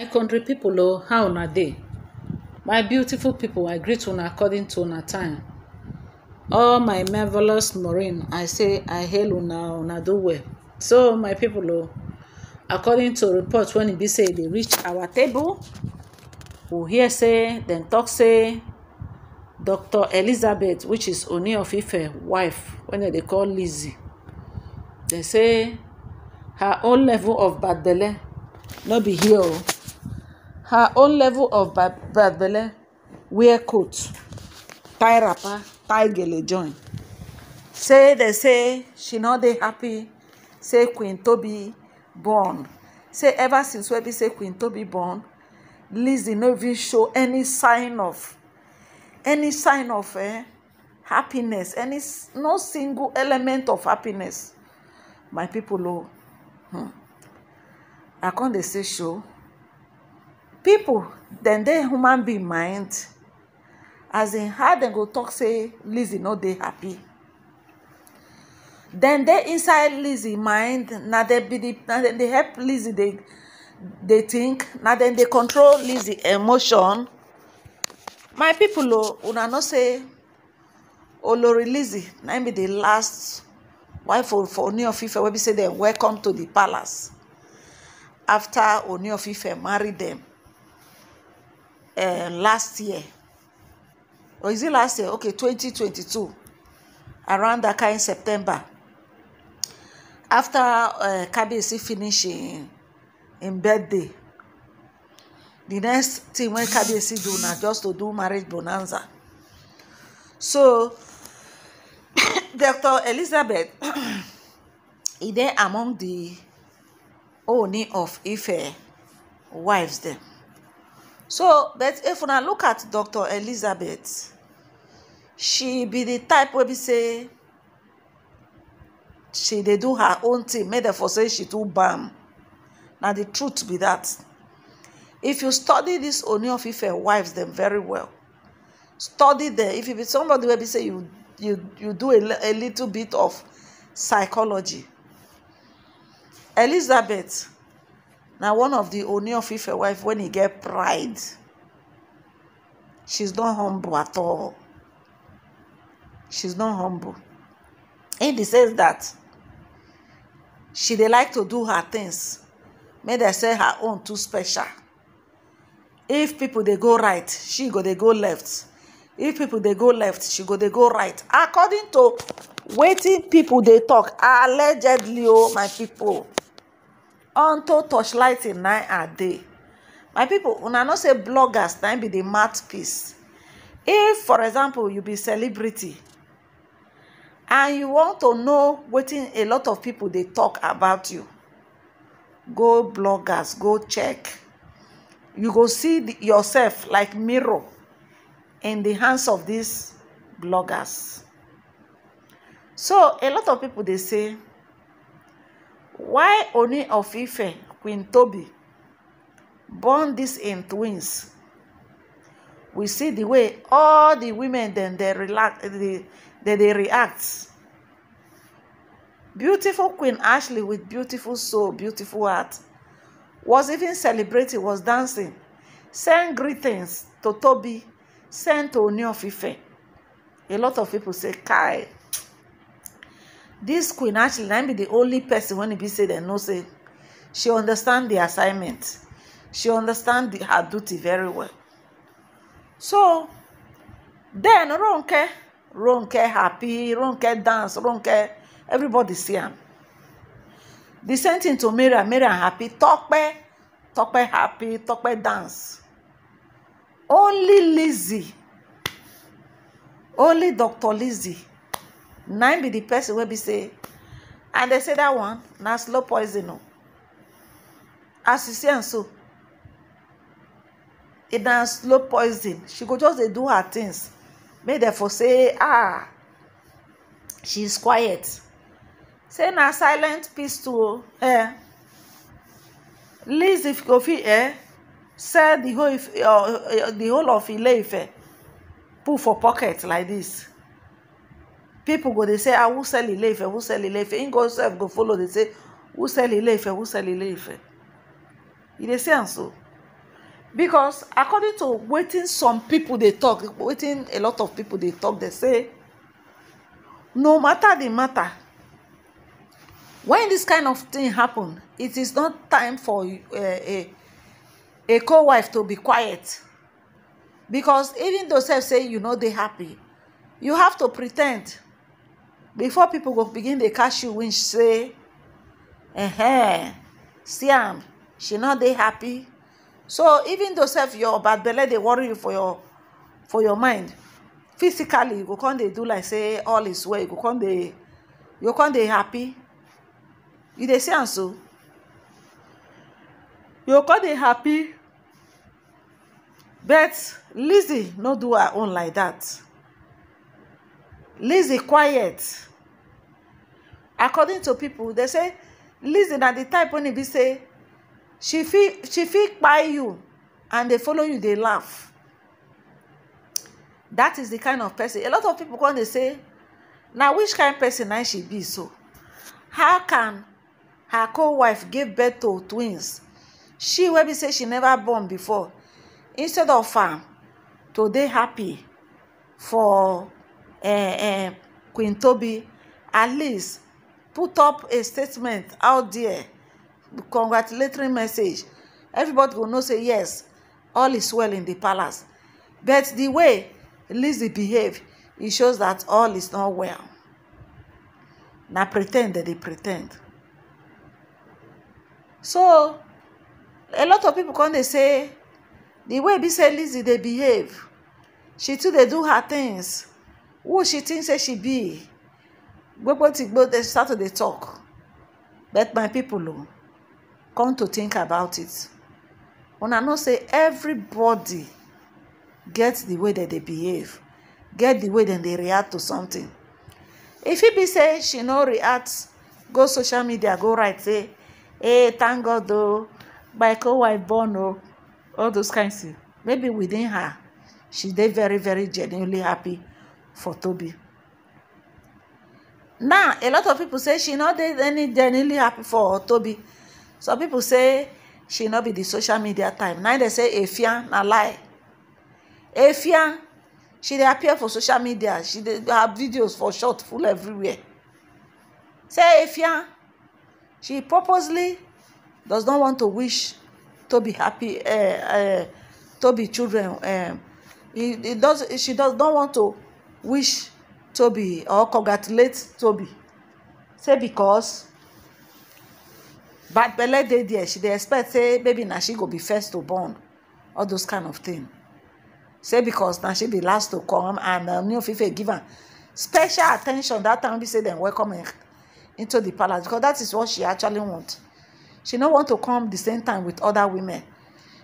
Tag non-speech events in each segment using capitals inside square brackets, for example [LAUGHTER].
my country people, oh how una dey my beautiful people, i greet una according to una time all my marvelous marine i say i hail una una do well so my people, oh, according to report when e be say e dey reach our table we hear say dem talk say dr elizabeth which is oni of ife wife wen dem dey call lizzie dem say her own level of bad belle no be here o oh her own level of bad belle wear coat tie wrapper tie gele join say they say she no dey happy say queen Toby born say ever since wey be say queen Toby born lizzie no even show any sign of any sign of eh, happiness any no single element of happiness my people o oh, hmm. i come dey say show people then they human being mind as in how they go talk say lizzie no they happy Then they inside lizzie mind now they be the now they help lizzie they they think now then they control lizzie emotion my people o una know say "Oh, lizzie now be the last wife for New of ife wey be say dem welcome to the palace after oni of ife marry um, last year or is it last year okay 2022 around that kind september after uh, kabiyesi in im birthday the next thing when KBC do na just to do marriage bonanza so [COUGHS] dr elizabeth is [COUGHS] there among the Ooni of Ife wives them. so but if una look at dr elizabeth she be the type wey be say she dey do her own thing make dem for say she too bam na the truth be that if you study this Ooni of Ife wives dem very well study them if you be somebody wey be say you you you do a, a little bit of psychology elizabeth Now one of the only of a wife when he get pride she's not humble at all she's not humble in the sense that she they like to do her things may they say her own too special if people they go right she go they go left if people they go left she go they go right according to waiting people they talk, allegedly oh my people. unto torchlight in nine a day my people una know say bloggers na be the mouthpiece if for example you be celebrity and you want to know wetin a lot of people dey talk about you go bloggers go check you go see the, yourself like mirror in the hands of these bloggers so a lot of people dey say Why Oni of Ife, Queen Toby born this in twins, we see the way all the women then they relax they, they, they react. Beautiful Queen Ashley with beautiful soul, beautiful heart, was even celebrating, was dancing, send greetings to Toby, sent to Oni of Ife. A lot of people say, Kai. This queen actually i be the only person when it be said and no say she understand the assignment she understand the her duty very well so then ronke ronke happy ronke dance ronke everybody see him. di same thing to mary mary happy tope tope happy tope dance only lizzie only dr lizzie nine be the person wey be say and they say that one na slow poison o as you see am so e na slow poison she go just dey do her things make dem for say ah she is quiet say na silent pistol eh least if go fit eh sell the whole uh, uh, of ile ife put for pocket like this. People go dey say ah who sell ileife who sell ileife im go sef go follow They say who sell ileife who sell ileife you dey see am so because according to waiting, some people they talk Waiting, a lot of people they talk They say no matter the matter when this kind of thing happen it is not time for uh, eh, a eh, a co-wife to be quiet because even though sef say you know, they happy you have to pretend before people go begin dey catch you winch say -huh, see am she no dey happy so even though sef your bad belle dey worry you for your for your mind physically you go come dey do like say all is well you go come dey you go come dey happy you dey see am so you go come dey happy but lizzie no do her own like that. lizzie quiet according to people, they say lizzy At the time when e be say she fit kpai you and dey follow you dey laugh that is the kind of person a lot of pipo come dey say na which kind person na she be so how can her co wife give birth to twins she wey be say she never born before instead of am to dey happy for eh, eh, queen Toby at least put up a statement out there congratulatory message everybody go know say yes all is well in the palace but the way Lizzie behave e shows that all is not well na pretend dem dey pretend so a lot of people come dey say the way be say lizzy dey behave she too dey do her things who she think say she be gbogbo tigbo dey start to dey talk but my people o come to think about it una know say everybody get the way dem dey behave get the way dem dey react to something e fit be say she no react go social media go write say hey thank god o my co-wife born o oh, all those kind things maybe within her she dey very very genuinely happy for tobi now a lot of people say she no dey any genuinely happy for tobi some people say she no be the social media time Now they say efia na lie efia she dey appear for social media she dey her videos for short full everywhere say efia she purposely does not want to wish tobi happy uh, eh, eh, tobi children um she does not want to wish toby or congratulate toby say becos bad belle dey there she dey expect say maybe now she go be first to born all those kind of thing say because now she be last to come and uh, new neofife give her special attention that time be say dem welcome her into the palace because that is what she actually want she no want to come the same time with other women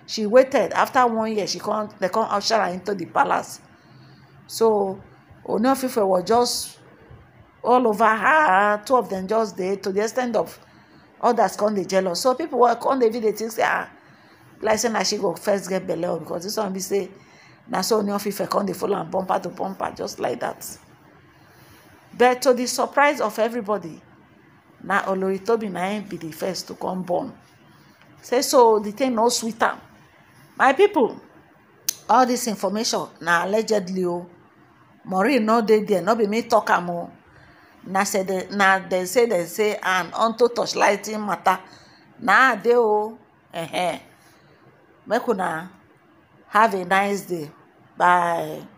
she waited after one year she come they come usher her into the palace so Oniofife was just all over her. Two of them just did to the extent of others come dey jealous. So people were come the video think say ah, like say she go first get belle because this one be say now so Oniofife come dey follow bump bumper to bumper just like that. But to the surprise of everybody, na Olori may be the first to come born. Say so the thing no sweet My people, all this information now allegedly Oh, Maureen no dey there no be me talk am o na say dem say dem say and unto torchlighting matter na dey o ehn make una have a nice day bye